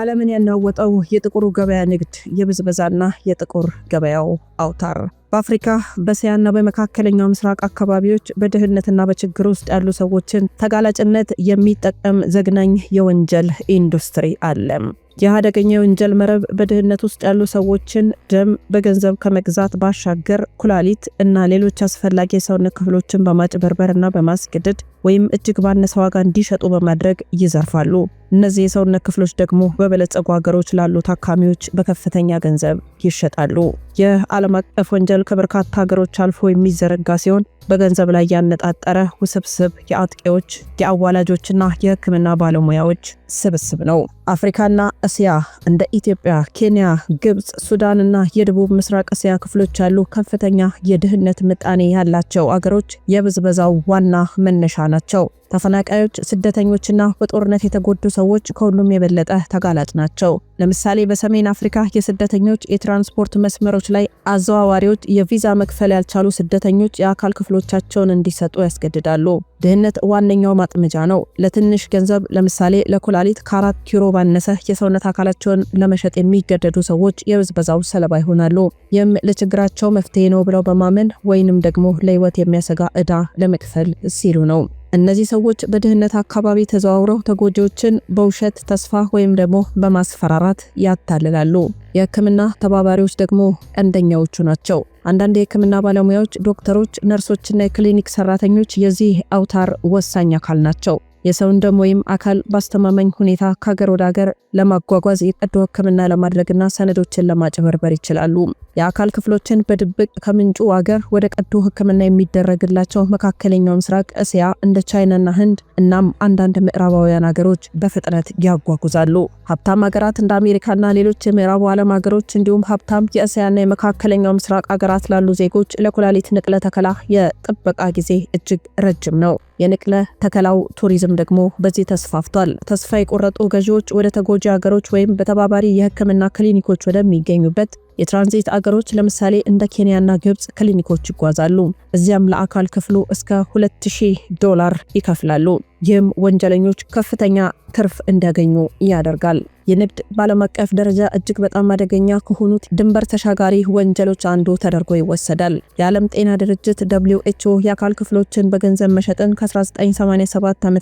ዓለምን ያናወጠው የጥቁሩ ገበያ ንግድ የብዝበዛና የጥቁር ገበያው አውታር በአፍሪካ በእስያና በመካከለኛው ምስራቅ አካባቢዎች በድህነትና በችግር ውስጥ ያሉ ሰዎችን ተጋላጭነት የሚጠቀም ዘግናኝ የወንጀል ኢንዱስትሪ አለም። ይህ አደገኛ የወንጀል መረብ በድህነት ውስጥ ያሉ ሰዎችን ደም በገንዘብ ከመግዛት ባሻገር ኩላሊት እና ሌሎች አስፈላጊ የሰውነት ክፍሎችን በማጭበርበርና በማስገደድ ወይም እጅግ ባነሰ ዋጋ እንዲሸጡ በማድረግ ይዘርፋሉ። እነዚህ የሰውነት ክፍሎች ደግሞ በበለጸጉ ሀገሮች ላሉ ታካሚዎች በከፍተኛ ገንዘብ ይሸጣሉ። ይህ ዓለም አቀፍ ወንጀል ከበርካታ ሀገሮች አልፎ የሚዘረጋ ሲሆን በገንዘብ ላይ ያነጣጠረ ውስብስብ የአጥቂዎች የአዋላጆችና የሕክምና ባለሙያዎች ስብስብ ነው። አፍሪካና እስያ እንደ ኢትዮጵያ፣ ኬንያ፣ ግብፅ፣ ሱዳንና የደቡብ ምስራቅ እስያ ክፍሎች ያሉ ከፍተኛ የድህነት ምጣኔ ያላቸው አገሮች የብዝበዛው ዋና መነሻ ናቸው። ተፈናቃዮች፣ ስደተኞችና በጦርነት የተጎዱ ሰዎች ከሁሉም የበለጠ ተጋላጭ ናቸው። ለምሳሌ በሰሜን አፍሪካ የስደተኞች የትራንስፖርት መስመሮች ላይ አዘዋዋሪዎች የቪዛ መክፈል ያልቻሉ ስደተኞች የአካል ክፍሎቻቸውን እንዲሰጡ ያስገድዳሉ። ድህነት ዋነኛው ማጥመጃ ነው። ለትንሽ ገንዘብ ለምሳሌ ለኩላሊት ከአራት ኪሎ ባነሰ የሰውነት አካላቸውን ለመሸጥ የሚገደዱ ሰዎች የብዝበዛው ሰለባ ይሆናሉ። ይህም ለችግራቸው መፍትሄ ነው ብለው በማመን ወይንም ደግሞ ለህይወት የሚያሰጋ ዕዳ ለመክፈል ሲሉ ነው። እነዚህ ሰዎች በድህነት አካባቢ ተዘዋውረው ተጎጂዎችን በውሸት ተስፋ ወይም ደግሞ በማስፈራራት ያታልላሉ። የህክምና ተባባሪዎች ደግሞ ቀንደኛዎቹ ናቸው። አንዳንድ የህክምና ባለሙያዎች፣ ዶክተሮች፣ ነርሶችና የክሊኒክ ሰራተኞች የዚህ አውታር ወሳኝ አካል ናቸው። የሰውን ደም ወይም አካል በአስተማማኝ ሁኔታ ከሀገር ወደ ሀገር ለማጓጓዝ የቀዶ ሕክምና ለማድረግና ሰነዶችን ለማጭበርበር ይችላሉ። የአካል ክፍሎችን በድብቅ ከምንጩ አገር ወደ ቀዶ ሕክምና የሚደረግላቸው መካከለኛው ምስራቅ እስያ፣ እንደ ቻይናና ህንድ እናም አንዳንድ ምዕራባውያን ሀገሮች በፍጥነት ያጓጉዛሉ። ሀብታም ሀገራት እንደ አሜሪካና ሌሎች የምዕራቡ ዓለም ሀገሮች እንዲሁም ሀብታም የእስያና የመካከለኛው ምስራቅ ሀገራት ላሉ ዜጎች ለኩላሊት ንቅለ ተከላ የጥበቃ ጊዜ እጅግ ረጅም ነው። የንቅለ ተከላው ቱሪዝም ደግሞ በዚህ ተስፋፍቷል። ተስፋ የቆረጡ ገዢዎች ወደ ተጎጂ አገሮች ወይም በተባባሪ የሕክምና ክሊኒኮች ወደሚገኙበት የትራንዚት አገሮች ለምሳሌ እንደ ኬንያና ግብፅ ክሊኒኮች ይጓዛሉ። እዚያም ለአካል ክፍሉ እስከ 2000 ዶላር ይከፍላሉ። ይህም ወንጀለኞች ከፍተኛ ትርፍ እንዲያገኙ ያደርጋል። የንግድ በዓለም አቀፍ ደረጃ እጅግ በጣም አደገኛ ከሆኑት ድንበር ተሻጋሪ ወንጀሎች አንዱ ተደርጎ ይወሰዳል። የዓለም ጤና ድርጅት ደብሊው የአካል ክፍሎችን በገንዘብ መሸጥን ከ1987 ዓ.ም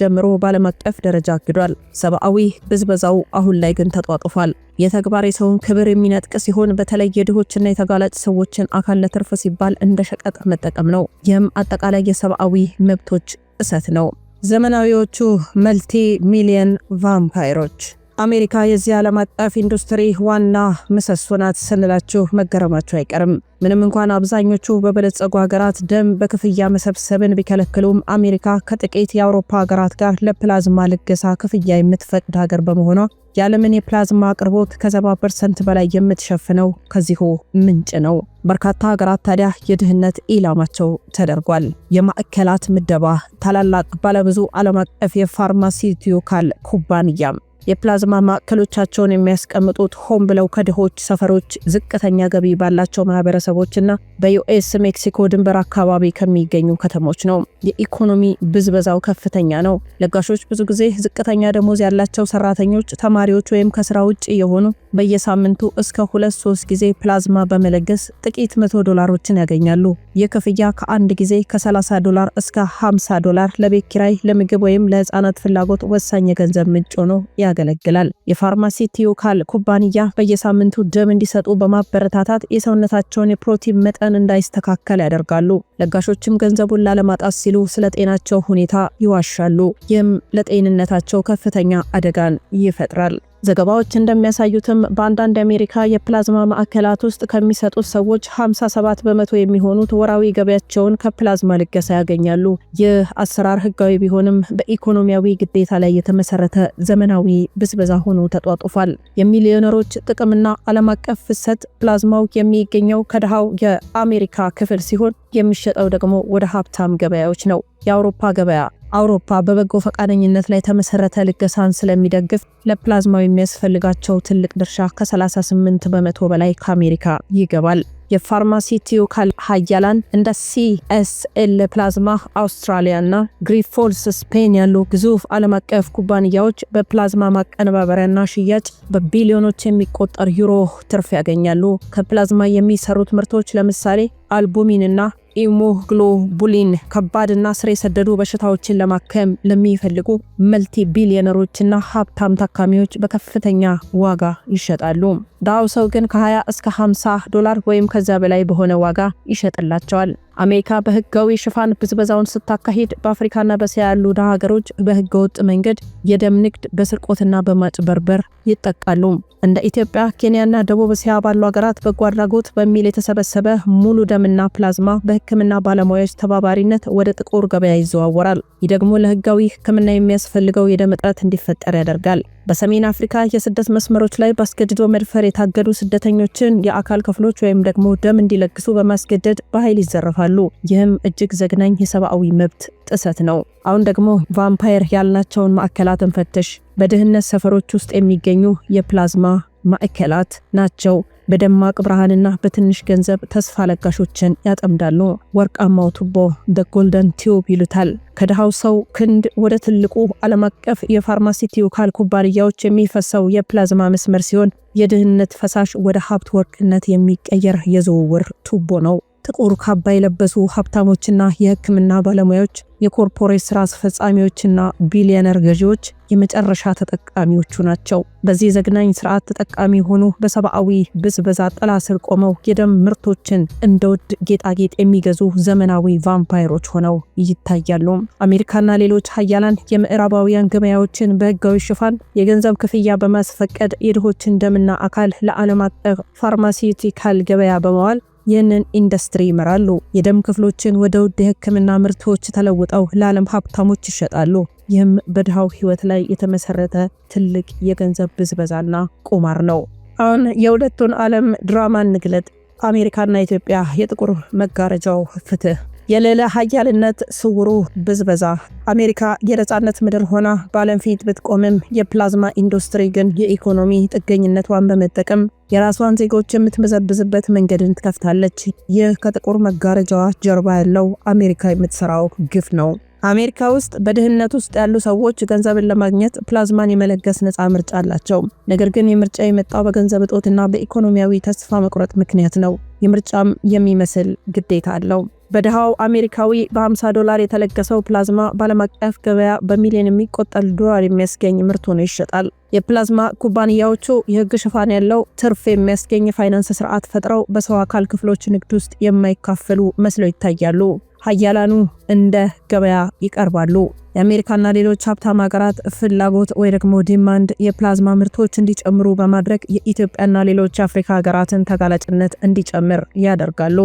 ጀምሮ በዓለም አቀፍ ደረጃ አግዷል። ሰብአዊ ብዝበዛው አሁን ላይ ግን ተጧጡፏል። የተግባር የሰውን ክብር የሚነጥቅ ሲሆን በተለይ የድሆችና የተጋላጭ ሰዎችን አካል ለትርፍ ሲባል እንደ ሸቀጥ መጠቀም ነው። ይህም አጠቃላይ የሰብአዊ መብቶች ጥሰት ነው። ዘመናዊዎቹ መልቲ ሚሊየን ቫምፓይሮች አሜሪካ የዚህ ዓለም አቀፍ ኢንዱስትሪ ዋና ምሰሶ ናት ስንላችሁ መገረማችሁ አይቀርም። ምንም እንኳን አብዛኞቹ በበለጸጉ ሀገራት ደም በክፍያ መሰብሰብን ቢከለክሉም አሜሪካ ከጥቂት የአውሮፓ ሀገራት ጋር ለፕላዝማ ልገሳ ክፍያ የምትፈቅድ ሀገር በመሆኗ የዓለምን የፕላዝማ አቅርቦት ከ70 ፐርሰንት በላይ የምትሸፍነው ከዚሁ ምንጭ ነው። በርካታ ሀገራት ታዲያ የድህነት ኢላማቸው ተደርጓል። የማዕከላት ምደባ፣ ታላላቅ ባለብዙ ዓለም አቀፍ የፋርማሲዩቲካል ኩባንያም የፕላዝማ ማዕከሎቻቸውን የሚያስቀምጡት ሆን ብለው ከድሆች ሰፈሮች፣ ዝቅተኛ ገቢ ባላቸው ማህበረሰቦችና በዩኤስ ሜክሲኮ ድንበር አካባቢ ከሚገኙ ከተሞች ነው። የኢኮኖሚ ብዝበዛው ከፍተኛ ነው። ለጋሾች ብዙ ጊዜ ዝቅተኛ ደሞዝ ያላቸው ሰራተኞች፣ ተማሪዎች ወይም ከስራ ውጭ የሆኑ በየሳምንቱ እስከ ሁለት ሶስት ጊዜ ፕላዝማ በመለገስ ጥቂት መቶ ዶላሮችን ያገኛሉ። ይህ ክፍያ ከአንድ ጊዜ ከ30 ዶላር እስከ 50 ዶላር ለቤት ኪራይ፣ ለምግብ ወይም ለህፃናት ፍላጎት ወሳኝ የገንዘብ ምንጭ ሆኖ ያገለግላል። የፋርማሲ ቲዩካል ኩባንያ በየሳምንቱ ደም እንዲሰጡ በማበረታታት የሰውነታቸውን የፕሮቲን መጠን እንዳይስተካከል ያደርጋሉ። ለጋሾችም ገንዘቡን ላለማጣት ሲሉ ስለ ጤናቸው ሁኔታ ይዋሻሉ። ይህም ለጤንነታቸው ከፍተኛ አደጋን ይፈጥራል። ዘገባዎች እንደሚያሳዩትም በአንዳንድ የአሜሪካ የፕላዝማ ማዕከላት ውስጥ ከሚሰጡት ሰዎች 57 በመቶ የሚሆኑት ወራዊ ገቢያቸውን ከፕላዝማ ልገሳ ያገኛሉ። ይህ አሰራር ህጋዊ ቢሆንም በኢኮኖሚያዊ ግዴታ ላይ የተመሰረተ ዘመናዊ ብዝበዛ ሆኖ ተጧጡፏል። የሚሊዮነሮች ጥቅምና ዓለም አቀፍ ፍሰት ፕላዝማው የሚገኘው ከድሃው የአሜሪካ ክፍል ሲሆን የሚሸጠው ደግሞ ወደ ሀብታም ገበያዎች ነው። የአውሮፓ ገበያ አውሮፓ በበጎ ፈቃደኝነት ላይ ተመሰረተ ልገሳን ስለሚደግፍ ለፕላዝማው የሚያስፈልጋቸው ትልቅ ድርሻ ከ38 በመቶ በላይ ከአሜሪካ ይገባል። የፋርማሲቲካል ሀያላን እንደ ሲኤስኤል ፕላዝማ አውስትራሊያና ግሪፎልስ ስፔን ያሉ ግዙፍ ዓለም አቀፍ ኩባንያዎች በፕላዝማ ማቀነባበሪያና ሽያጭ በቢሊዮኖች የሚቆጠር ዩሮ ትርፍ ያገኛሉ። ከፕላዝማ የሚሰሩት ምርቶች ለምሳሌ አልቡሚንና ኢሚዩኖግሎቡሊን ከባድና ስር የሰደዱ በሽታዎችን ለማከም ለሚፈልጉ መልቲ ቢሊዮነሮችና ሀብታም ታካሚዎች በከፍተኛ ዋጋ ይሸጣሉ። ዳው ሰው ግን ከ20 እስከ 50 ዶላር ወይም ከዚያ በላይ በሆነ ዋጋ ይሸጥላቸዋል። አሜሪካ በህጋዊ ሽፋን ብዝበዛውን ስታካሂድ በአፍሪካና በእስያ ያሉ ድሃ ሀገሮች በህገ ወጥ መንገድ የደም ንግድ በስርቆትና በማጭበርበር ይጠቃሉ። እንደ ኢትዮጵያ፣ ኬንያና ደቡብ እስያ ባሉ ሀገራት በጎ አድራጎት በሚል የተሰበሰበ ሙሉ ደምና ፕላዝማ በህክምና ባለሙያዎች ተባባሪነት ወደ ጥቁር ገበያ ይዘዋወራል። ይህ ደግሞ ለህጋዊ ህክምና የሚያስፈልገው የደም እጥረት እንዲፈጠር ያደርጋል። በሰሜን አፍሪካ የስደት መስመሮች ላይ በአስገድዶ መድፈር የታገዱ ስደተኞችን የአካል ክፍሎች ወይም ደግሞ ደም እንዲለግሱ በማስገደድ በኃይል ይዘረፋል። ያልፋሉ። ይህም እጅግ ዘግናኝ የሰብአዊ መብት ጥሰት ነው። አሁን ደግሞ ቫምፓየር ያልናቸውን ማዕከላትን ፈትሽ። በድህነት ሰፈሮች ውስጥ የሚገኙ የፕላዝማ ማዕከላት ናቸው። በደማቅ ብርሃንና በትንሽ ገንዘብ ተስፋ ለጋሾችን ያጠምዳሉ። ወርቃማው ቱቦ ደ ጎልደን ቲዩብ ይሉታል። ከድሃው ሰው ክንድ ወደ ትልቁ ዓለም አቀፍ የፋርማሲ ቲዩካል ኩባንያዎች የሚፈሰው የፕላዝማ መስመር ሲሆን የድህነት ፈሳሽ ወደ ሀብት ወርቅነት የሚቀየር የዝውውር ቱቦ ነው። ጥቁር ካባ የለበሱ ሀብታሞችና የሕክምና ባለሙያዎች፣ የኮርፖሬት ስራ አስፈጻሚዎችና ቢሊዮነር ገዢዎች የመጨረሻ ተጠቃሚዎቹ ናቸው። በዚህ ዘግናኝ ስርዓት ተጠቃሚ የሆኑ በሰብአዊ ብዝበዛ ጥላ ስር ቆመው የደም ምርቶችን እንደ ውድ ጌጣጌጥ የሚገዙ ዘመናዊ ቫምፓይሮች ሆነው ይታያሉ። አሜሪካና ሌሎች ሀያላን የምዕራባውያን ገበያዎችን በህጋዊ ሽፋን የገንዘብ ክፍያ በማስፈቀድ የድሆችን ደምና አካል ለዓለም አቀፍ ፋርማሲቲካል ገበያ በመዋል ይህንን ኢንዱስትሪ ይመራሉ። የደም ክፍሎችን ወደ ውድ የህክምና ምርቶች ተለውጠው ለዓለም ሀብታሞች ይሸጣሉ። ይህም በድሃው ህይወት ላይ የተመሰረተ ትልቅ የገንዘብ ብዝበዛና ቁማር ነው። አሁን የሁለቱን ዓለም ድራማ እንግለጥ። አሜሪካና ኢትዮጵያ የጥቁር መጋረጃው ፍትህ የሌለ ሀያልነት ስውሩ ብዝበዛ አሜሪካ የነጻነት ምድር ሆና በዓለም ፊት ብትቆምም የፕላዝማ ኢንዱስትሪ ግን የኢኮኖሚ ጥገኝነቷን በመጠቀም የራሷን ዜጎች የምትመዘብዝበት መንገድን ትከፍታለች። ይህ ከጥቁር መጋረጃዋ ጀርባ ያለው አሜሪካ የምትሰራው ግፍ ነው። አሜሪካ ውስጥ በድህነት ውስጥ ያሉ ሰዎች ገንዘብን ለማግኘት ፕላዝማን የመለገስ ነፃ ምርጫ አላቸው። ነገር ግን የምርጫ የመጣው በገንዘብ እጦትና በኢኮኖሚያዊ ተስፋ መቁረጥ ምክንያት ነው። የምርጫም የሚመስል ግዴታ አለው። በድሃው አሜሪካዊ በ50 ዶላር የተለገሰው ፕላዝማ በዓለም አቀፍ ገበያ በሚሊዮን የሚቆጠር ዶላር የሚያስገኝ ምርት ሆኖ ይሸጣል። የፕላዝማ ኩባንያዎቹ የሕግ ሽፋን ያለው ትርፍ የሚያስገኝ የፋይናንስ ስርዓት ፈጥረው በሰው አካል ክፍሎች ንግድ ውስጥ የማይካፈሉ መስለው ይታያሉ። ሀያላኑ እንደ ገበያ ይቀርባሉ። የአሜሪካና ሌሎች ሀብታም ሀገራት ፍላጎት ወይ ደግሞ ዲማንድ የፕላዝማ ምርቶች እንዲጨምሩ በማድረግ የኢትዮጵያና ሌሎች የአፍሪካ ሀገራትን ተጋላጭነት እንዲጨምር ያደርጋሉ።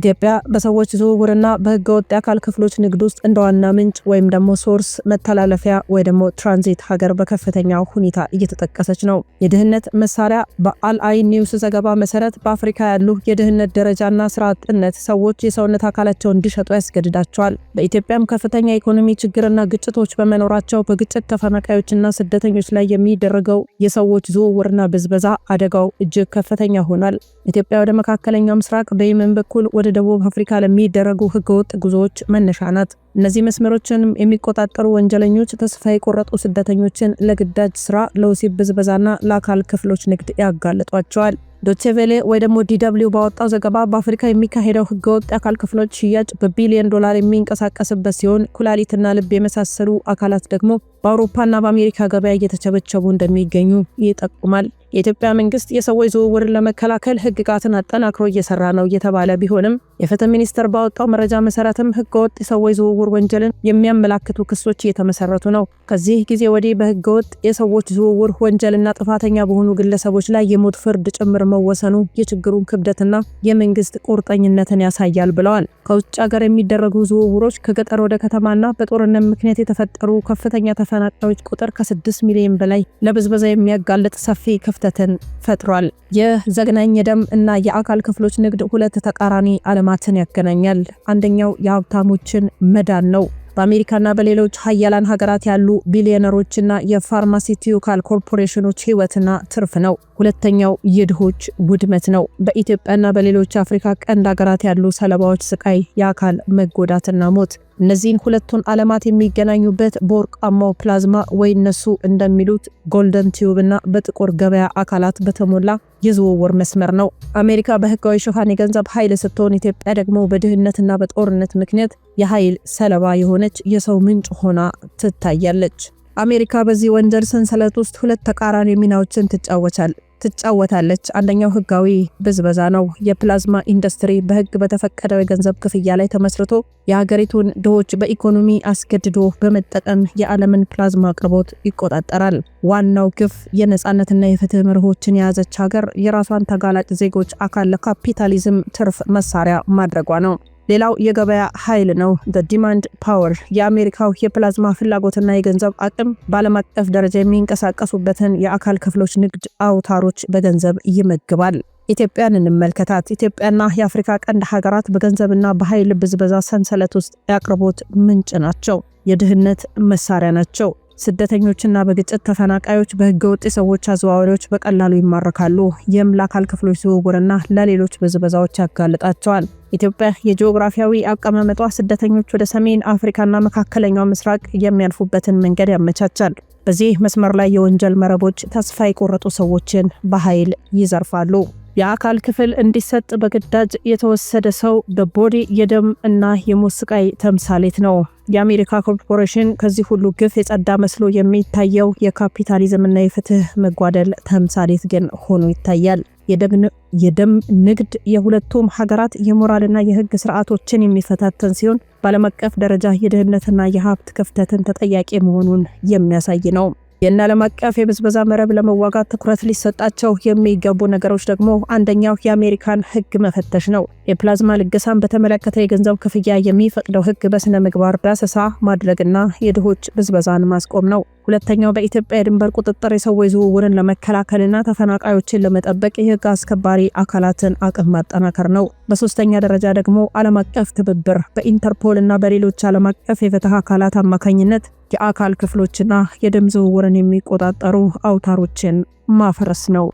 ኢትዮጵያ በሰዎች ዝውውርና በህገወጥ የአካል ክፍሎች ንግድ ውስጥ እንደ ዋና ምንጭ ወይም ደግሞ ሶርስ መተላለፊያ ወይ ደግሞ ትራንዚት ሀገር በከፍተኛ ሁኔታ እየተጠቀሰች ነው። የድህነት መሳሪያ በአልአይን ኒውስ ዘገባ መሰረት በአፍሪካ ያሉ የድህነት ደረጃና ስራ አጥነት ሰዎች የሰውነት አካላቸውን እንዲሸጡ ያስገድዳቸዋል። በኢትዮጵያም ከፍተኛ የኢኮኖሚ ችግርና ግጭቶች በመኖራቸው በግጭት ተፈናቃዮችና ስደተኞች ላይ የሚደረገው የሰዎች ዝውውርና ብዝበዛ አደጋው እጅግ ከፍተኛ ሆኗል። ኢትዮጵያ ወደ መካከለኛው ምስራቅ በየመን በኩል ወደ ደቡብ አፍሪካ ለሚደረጉ ህገወጥ ጉዞዎች መነሻ ናት። እነዚህ መስመሮችን የሚቆጣጠሩ ወንጀለኞች ተስፋ የቆረጡ ስደተኞችን ለግዳጅ ስራ፣ ለወሲብ ብዝበዛና ለአካል ክፍሎች ንግድ ያጋልጧቸዋል። ዶቼቬሌ ወይ ደግሞ ዲደብሊው ባወጣው ዘገባ በአፍሪካ የሚካሄደው ህገወጥ የአካል ክፍሎች ሽያጭ በቢሊዮን ዶላር የሚንቀሳቀስበት ሲሆን ኩላሊትና ልብ የመሳሰሉ አካላት ደግሞ በአውሮፓና በአሜሪካ ገበያ እየተቸበቸቡ እንደሚገኙ ይጠቁማል። የኢትዮጵያ መንግስት የሰዎች ዝውውርን ለመከላከል ህግጋትን አጠናክሮ እየሰራ ነው እየተባለ ቢሆንም የፍትህ ሚኒስቴር ባወጣው መረጃ መሰረትም ህገወጥ የሰዎች ዝውውር ወንጀልን የሚያመላክቱ ክሶች እየተመሰረቱ ነው። ከዚህ ጊዜ ወዲህ በህገወጥ የሰዎች ዝውውር ወንጀልና ጥፋተኛ በሆኑ ግለሰቦች ላይ የሞት ፍርድ ጭምር መወሰኑ የችግሩን ክብደትና የመንግስት ቁርጠኝነትን ያሳያል ብለዋል። ከውጭ ሀገር የሚደረጉ ዝውውሮች ከገጠር ወደ ከተማና በጦርነት ምክንያት የተፈጠሩ ከፍተኛ ተፈናቃዮች ቁጥር ከ6 ሚሊዮን በላይ ለብዝበዛ የሚያጋልጥ ሰፊ ክፍተትን ፈጥሯል። የዘግናኝ የደም እና የአካል ክፍሎች ንግድ ሁለት ተቃራኒ አለ ልማትን ያገናኛል። አንደኛው የሀብታሞችን መዳን ነው። በአሜሪካና በሌሎች ሀያላን ሀገራት ያሉ ቢሊዮነሮችና የፋርማሲቲካል ኮርፖሬሽኖች ህይወትና ትርፍ ነው። ሁለተኛው የድሆች ውድመት ነው። በኢትዮጵያና በሌሎች አፍሪካ ቀንድ ሀገራት ያሉ ሰለባዎች ስቃይ፣ የአካል መጎዳትና ሞት እነዚህን ሁለቱን ዓለማት የሚገናኙበት በወርቃማው ፕላዝማ ወይ እነሱ እንደሚሉት ጎልደን ቲዩብ እና በጥቁር ገበያ አካላት በተሞላ የዝውውር መስመር ነው። አሜሪካ በህጋዊ ሽፋን የገንዘብ ኃይል ስትሆን፣ ኢትዮጵያ ደግሞ በድህነትና በጦርነት ምክንያት የኃይል ሰለባ የሆነች የሰው ምንጭ ሆና ትታያለች። አሜሪካ በዚህ ወንጀል ሰንሰለት ውስጥ ሁለት ተቃራኒ ሚናዎችን ትጫወቻል። ትጫወታለች። አንደኛው ህጋዊ ብዝበዛ ነው። የፕላዝማ ኢንዱስትሪ በህግ በተፈቀደው የገንዘብ ክፍያ ላይ ተመስርቶ የሀገሪቱን ድሆች በኢኮኖሚ አስገድዶ በመጠቀም የዓለምን ፕላዝማ አቅርቦት ይቆጣጠራል። ዋናው ግፍ የነፃነትና የፍትህ መርሆችን የያዘች ሀገር የራሷን ተጋላጭ ዜጎች አካል ለካፒታሊዝም ትርፍ መሳሪያ ማድረጓ ነው። ሌላው የገበያ ኃይል ነው፣ ዘ ዲማንድ ፓወር። የአሜሪካው የፕላዝማ ፍላጎትና የገንዘብ አቅም በዓለም አቀፍ ደረጃ የሚንቀሳቀሱበትን የአካል ክፍሎች ንግድ አውታሮች በገንዘብ ይመግባል። ኢትዮጵያን እንመልከታት። ኢትዮጵያና የአፍሪካ ቀንድ ሀገራት በገንዘብና በኃይል ብዝበዛ ሰንሰለት ውስጥ የአቅርቦት ምንጭ ናቸው። የድህነት መሳሪያ ናቸው። ስደተኞችና በግጭት ተፈናቃዮች ወጥ የሰዎች አዘዋዋሪዎች በቀላሉ ይማረካሉ። ይህም ለአካል ክፍሎች ዝውውርና ለሌሎች ብዝበዛዎች ያጋልጣቸዋል። ኢትዮጵያ የጂኦግራፊያዊ አቀማመጧ ስደተኞች ወደ ሰሜን አፍሪካና መካከለኛው ምስራቅ የሚያልፉበትን መንገድ ያመቻቻል። በዚህ መስመር ላይ የወንጀል መረቦች ተስፋ የቆረጡ ሰዎችን በኃይል ይዘርፋሉ። የአካል ክፍል እንዲሰጥ በግዳጅ የተወሰደ ሰው በቦዴ የደም እና የሞት ስቃይ ተምሳሌት ነው። የአሜሪካ ኮርፖሬሽን ከዚህ ሁሉ ግፍ የጸዳ መስሎ የሚታየው የካፒታሊዝምና የፍትህ መጓደል ተምሳሌት ግን ሆኖ ይታያል። የደም ንግድ የሁለቱም ሀገራት የሞራልና የህግ ስርዓቶችን የሚፈታተን ሲሆን በዓለም አቀፍ ደረጃ የድህነትና የሀብት ክፍተትን ተጠያቂ መሆኑን የሚያሳይ ነው። ይህን ዓለም አቀፍ የብዝበዛ መረብ ለመዋጋት ትኩረት ሊሰጣቸው የሚገቡ ነገሮች ደግሞ አንደኛው የአሜሪካን ሕግ መፈተሽ ነው። የፕላዝማ ልገሳን በተመለከተ የገንዘብ ክፍያ የሚፈቅደው ሕግ በስነ ምግባር ዳሰሳ ማድረግና የድሆች ብዝበዛን ማስቆም ነው። ሁለተኛው በኢትዮጵያ የድንበር ቁጥጥር የሰዎች ዝውውርን ለመከላከልና ተፈናቃዮችን ለመጠበቅ የህግ አስከባሪ አካላትን አቅም ማጠናከር ነው። በሶስተኛ ደረጃ ደግሞ ዓለም አቀፍ ትብብር በኢንተርፖል እና በሌሎች ዓለም አቀፍ የፍትህ አካላት አማካኝነት የአካል ክፍሎችና የደም ዝውውርን የሚቆጣጠሩ አውታሮችን ማፍረስ ነው።